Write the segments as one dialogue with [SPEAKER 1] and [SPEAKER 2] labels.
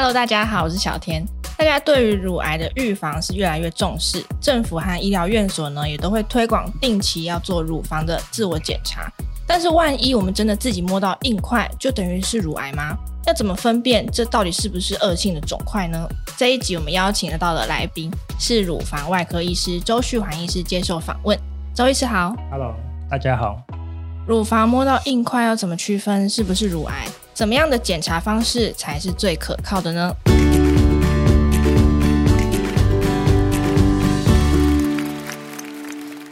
[SPEAKER 1] Hello，大家好，我是小天。大家對於乳癌的預防是越來越重視，政府和醫療院所呢也都會推廣定期要做乳房的自我檢查。但是萬一我們真的自己摸到硬塊，就等於是乳癌嗎？要怎麼分辨這到底是不是惡性的腫塊呢？這一集我們邀請得到的來賓是乳房外科醫師周旭桓醫師接受訪問。周醫師好，Hello，大家好。乳房摸到硬塊要怎麼區分是不是乳癌？怎麼樣的檢查方式才是最可靠的呢？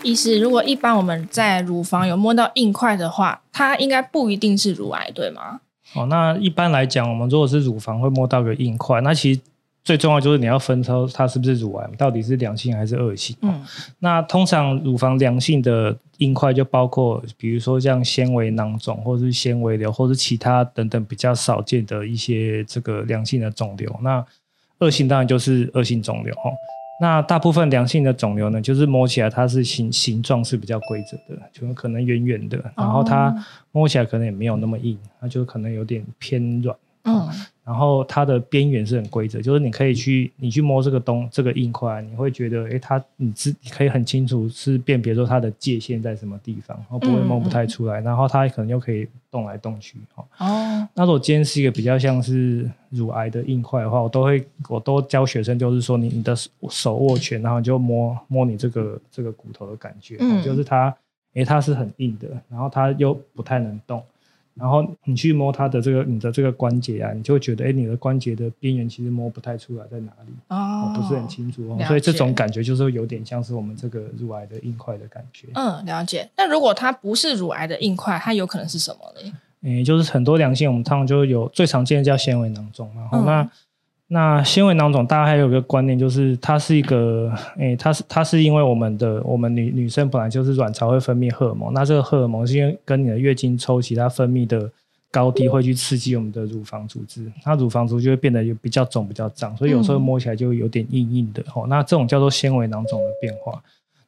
[SPEAKER 1] 醫師，如果一般我們在乳房有摸到硬塊的話，它應該不一定是乳癌，對嗎？
[SPEAKER 2] 哦，那一般來講，我們如果是乳房會摸到個硬塊，那其實。最重要就是你要分出它是不是乳癌，到底是良性還是惡性啊。嗯。那通常乳房良性的硬塊就包括，比如說像纖維囊腫，或者是纖維瘤，或是其他等等比較少見的一些這個良性的腫瘤。那惡性當然就是惡性腫瘤。那大部分良性的腫瘤呢，就是摸起來它是形形狀是比較規則的，就可能圓圓的，然後它摸起來可能也沒有那麼硬，那、哦、就可能有點偏軟。嗯。嗯然後它的邊緣是很規則，就是你可以去你去摸這個東這個硬塊、啊，你會覺得哎、欸，它你自可以很清楚是辨別出它的界限在什麼地方，然後不會摸不太出來。嗯嗯，然後它可能又可以動來動去，哈、哦。哦。那如果今天是一個比較像是乳癌的硬塊的話，我都會我都教學生就是說你你的手握拳，然後你就摸摸你這個這個骨頭的感覺，哦嗯、就是它哎、欸、它是很硬的，然後它又不太能動。然後你去摸它的這個你的這個關節啊，你就會覺得哎，你的關節的邊緣其實摸不太出來在哪裡哦，
[SPEAKER 1] 哦，不是很清
[SPEAKER 2] 楚哦，所以這種感覺就是有點像是我們這個乳癌的硬塊的感覺。嗯，
[SPEAKER 1] 了解。那如果它不是乳癌的硬塊，它有可能是什麼呢？
[SPEAKER 2] 誒，就是很多良性，我們通常就有最常見的叫纖維囊腫然後那。嗯那纖維囊腫，大家還有一個觀念就是，它是一個，哎、欸，它是它是因為我們的我們女女生本來就是卵巢會分泌荷爾蒙，那這個荷爾蒙是因為跟你的月經週期，它分泌的高低會去刺激我們的乳房組織，那、嗯、乳房組織就會變得比較腫、比較脹，所以有時候摸起來就有點硬硬的哈、嗯哦。那這種叫做纖維囊腫的變化，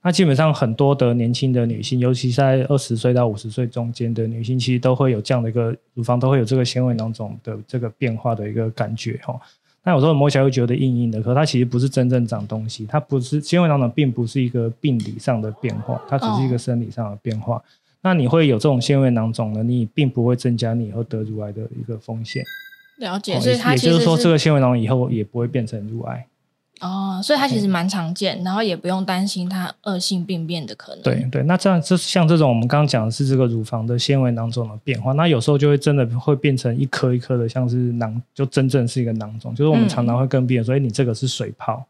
[SPEAKER 2] 那基本上很多的年輕的女性，尤其在二十歲到五十歲中間的女性，其實都會有這樣的一個乳房都會有這個纖維囊腫的這個變化的一個感覺哈。哦那有時候摸起來會覺得硬硬的，可它其實不是真正長東西，它不是纖維囊腫，並不是一個病理上的變化，它只是一個生理上的變化。哦、那你會有這種纖維囊腫呢，你並不會增加你以後得乳癌的一個風險。
[SPEAKER 1] 了解，所、哦、以也就是說，這個纖
[SPEAKER 2] 維囊以後也不會變成乳癌。
[SPEAKER 1] 哦，所以它其實蠻常見，嗯，然後也不用擔心它惡性病變的可能。對
[SPEAKER 2] 對，那這樣就像這種，我們剛剛講的是這個乳房的纖維囊腫的變化。那有時候就會真的會變成一顆一顆的，像是囊，就真正是一個囊腫。就是我們常常會跟病人說，哎、嗯欸，你這個是水泡。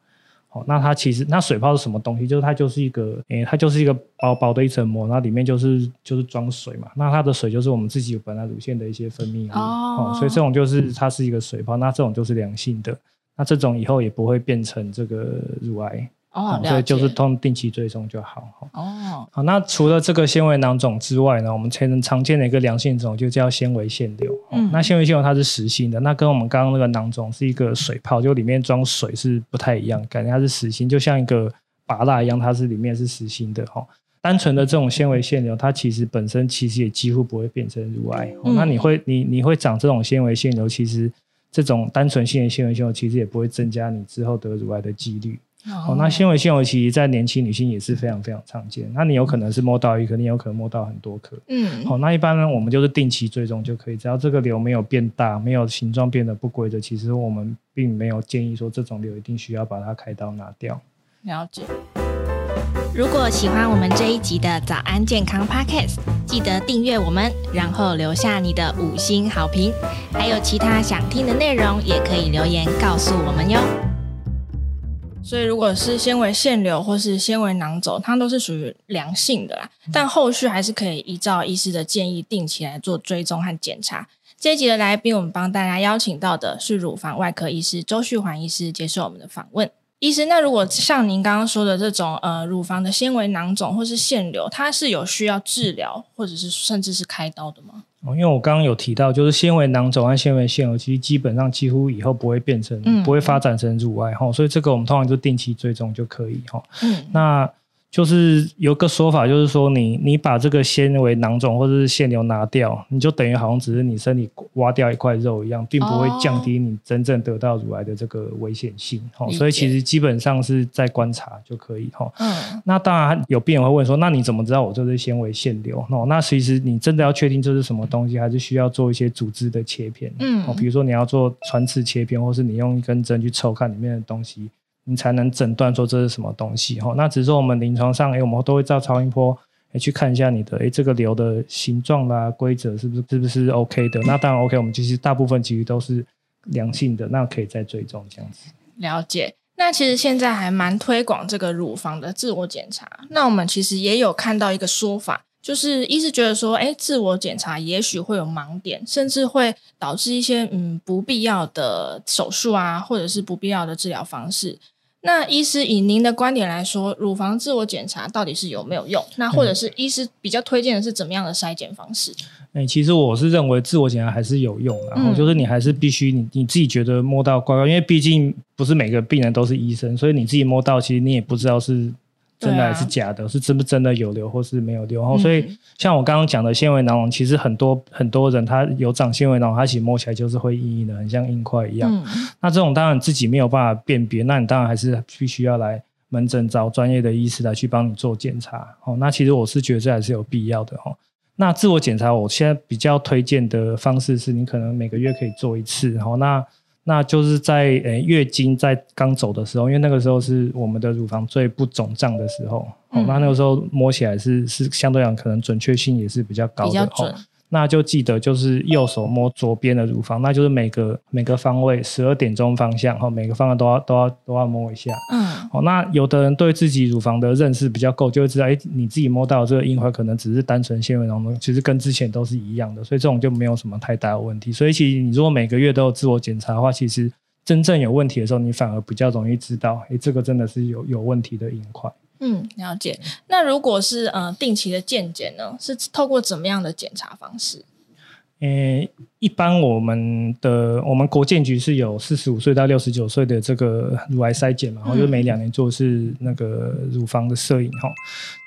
[SPEAKER 2] 哦，那它其實那水泡是什麼東西？就是它就是一個，哎、欸，它就是一個薄薄的一層膜，那裡面就是就是裝水嘛。那它的水就是我們自己本來乳腺的一些分泌物。哦，哦所以這種就是它是一個水泡，那這種就是良性的。那這種以後也不會變成這個乳癌哦、oh, 嗯，所以就是通定期追蹤就好。Oh. 哦，好，那除了這個纖維囊腫之外呢，我們常常見的一個良性腫就叫纖維腺瘤。嗯，那纖維腺瘤它是實心的，那跟我們剛剛那個囊腫是一個水泡，嗯、就裡面裝水是不太一樣，感覺它是實心，就像一個疙瘩一樣，它是裡面是實心的。哈、哦，單純的這種纖維腺瘤，它其實本身其實也幾乎不會變成乳癌。哦嗯、那你會你你會長這種纖維腺瘤，其實？這種單純性的纖維腺瘤其實也不會增加你之後得乳癌的幾率。
[SPEAKER 1] Oh, 哦，那
[SPEAKER 2] 纖維腺瘤其實在年輕女性也是非常非常常見。那你有可能是摸到一顆，你有可能摸到很多顆。嗯，好，哦，那一般呢，我們就是定期追蹤就可以。只要這個瘤沒有變大，沒有形狀變得不規則，其實我們並沒有建議說這種瘤一定需要把它開刀拿掉。
[SPEAKER 1] 了解。如果喜歡我們這一集的早安健康 Podcast，記得訂閱我們，然後留下你的五星好評。還有其他想聽的內容，也可以留言告訴我們喲。所以，如果是纖維腺瘤或是纖維囊腫，它都是屬於良性的啦。但後續還是可以依照醫師的建議，定期來做追蹤和檢查。這一集的來賓，我們幫大家邀請到的是乳房外科醫師周旭桓醫師，接受我們的訪問。醫生，那如果像您剛剛說的這種呃，乳房的纖維囊腫或是腺瘤，它是有需要治療或者是甚至是開刀的嗎？哦，
[SPEAKER 2] 因為我剛剛有提到，就是纖維囊腫和纖維腺瘤，其實基本上幾乎以後不會變成，嗯、不會發展成乳癌哈、嗯，所以這個我們通常就定期追蹤就可以哈。嗯，那。就是有個說法，就是說你你把這個纖維囊腫或者是腺瘤拿掉，你就等於好像只是你身體挖掉一塊肉一樣，並不會降低你真正得到乳癌的這個危險性哦。哦，所以其實基本上是在觀察就可以。哈，哦，嗯，那當然有病人會問說，那你怎麼知道我這是纖維腺瘤哦？那其實你真的要確定這是什麼東西，還是需要做一些組織的切片。嗯，哦，比如說你要做穿刺切片，或是你用一根針去抽看裡面的東西。你才能診斷說這是什麼東西哈？那只是說我們臨床上、欸、我們都會照超音波、欸、去看一下你的哎、欸、這個瘤的形狀啦、規則是不是是不是 OK 的？那當然 OK，我們其實大部分其實都是良性的，那可以再追蹤這樣子。
[SPEAKER 1] 了解。那其實現在還蠻推廣這個乳房的自我檢查。那我們其實也有看到一個說法，就是一直覺得說哎、欸，自我檢查也許會有盲點，甚至會導致一些嗯不必要的手術啊，或者是不必要的治療方式。那醫師以您的觀點來說，乳房自我檢查到底是有沒有用？那或者是醫師比較推薦的是怎麼樣的篩檢方式？
[SPEAKER 2] 嗯，欸，其實我是認為自我檢查還是有用，然、啊、後、嗯、就是你還是必須你你自己覺得摸到怪怪，因為畢竟不是每個病人都是醫生，所以你自己摸到，其實你也不知道是。真的還是假的？啊、是真不真的有瘤或是沒有瘤。然、嗯、後，所以像我剛剛講的纖維囊腫，其實很多很多人他有長纖維囊腫，他其實摸起來就是會硬硬的，嗯、很像硬塊一樣、嗯。那這種當然自己沒有辦法辨別，那你當然還是必須要來門診找專業的醫師來去幫你做檢查。哦，那其實我是覺得這還是有必要的。哦，那自我檢查，我現在比較推薦的方式是，你可能每個月可以做一次。哦、那。那就是在呃月經在剛走的時候，因為那個時候是我們的乳房最不腫脹的時候，那、嗯哦、那個時候摸起來是是相對來講可能準確性也是比較高的。那就記得就是右手摸左邊的乳房，那就是每個每個方位十二點鐘方向哈，每個方向都要都要都要摸一下。嗯。哦，那有的人對自己乳房的認識比較夠，就會知道哎，你自己摸到的這個硬塊，可能只是單純纖維囊腫，其實跟之前都是一樣的，所以這種就沒有什麼太大的問題。所以其實你如果每個月都有自我檢查的話，其實真正有問題的時候，你反而比較容易知道，哎，這個真的是有有問題的硬塊。
[SPEAKER 1] 嗯，了解。那如果是、呃、定期的健檢呢，是透過怎麼樣的檢查方式？
[SPEAKER 2] 呃、欸，一般我們的我們國健局是有四十五歲到六十九歲的這個乳癌篩檢嘛，然、嗯、後每兩年做是那個乳房的攝影吼。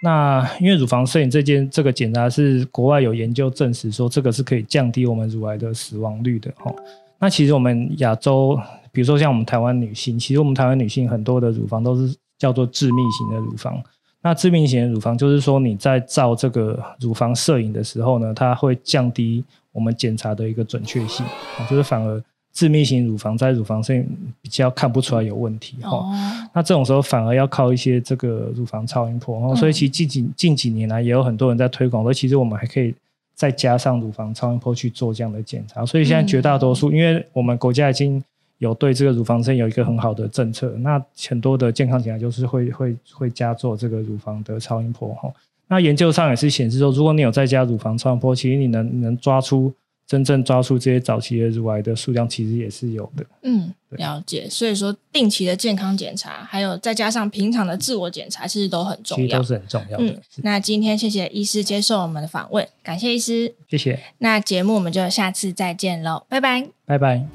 [SPEAKER 2] 那因為乳房攝影這件這個檢查是國外有研究證實說，這個是可以降低我們乳癌的死亡率的吼。那其實我們亞洲，比如說像我們台灣女性，其實我們台灣女性很多的乳房都是。叫做致密型的乳房，那致密型的乳房就是說你在照這個乳房攝影的時候呢，它會降低我們檢查的一個準確性，啊、就是反而致密型乳房在乳房攝影比較看不出來有問題哈、哦哦。那這種時候反而要靠一些這個乳房超音波、哦嗯、所以其實近幾近幾年來也有很多人在推廣說，其實我們還可以再加上乳房超音波去做這樣的檢查，所以現在絕大多數，嗯、因為我們國家已經。有對這個乳房症有一個很好的政策，那很多的健康檢查就是會會會加做這個乳房的超音波吼。那研究上也是顯示說，如果你有再加乳房超音波，其實你能你能抓出真正抓出這些早期的乳癌的數量，其實也是有的。嗯，
[SPEAKER 1] 了解。所以說，定期的健康檢查，還有再加上平常的自我檢查，其實都很重要，其實都是很重要的，嗯。那今天謝謝醫師接受我們的訪問，感謝醫師，謝謝。那節目我們就下次再見嘍，拜拜，
[SPEAKER 2] 拜拜。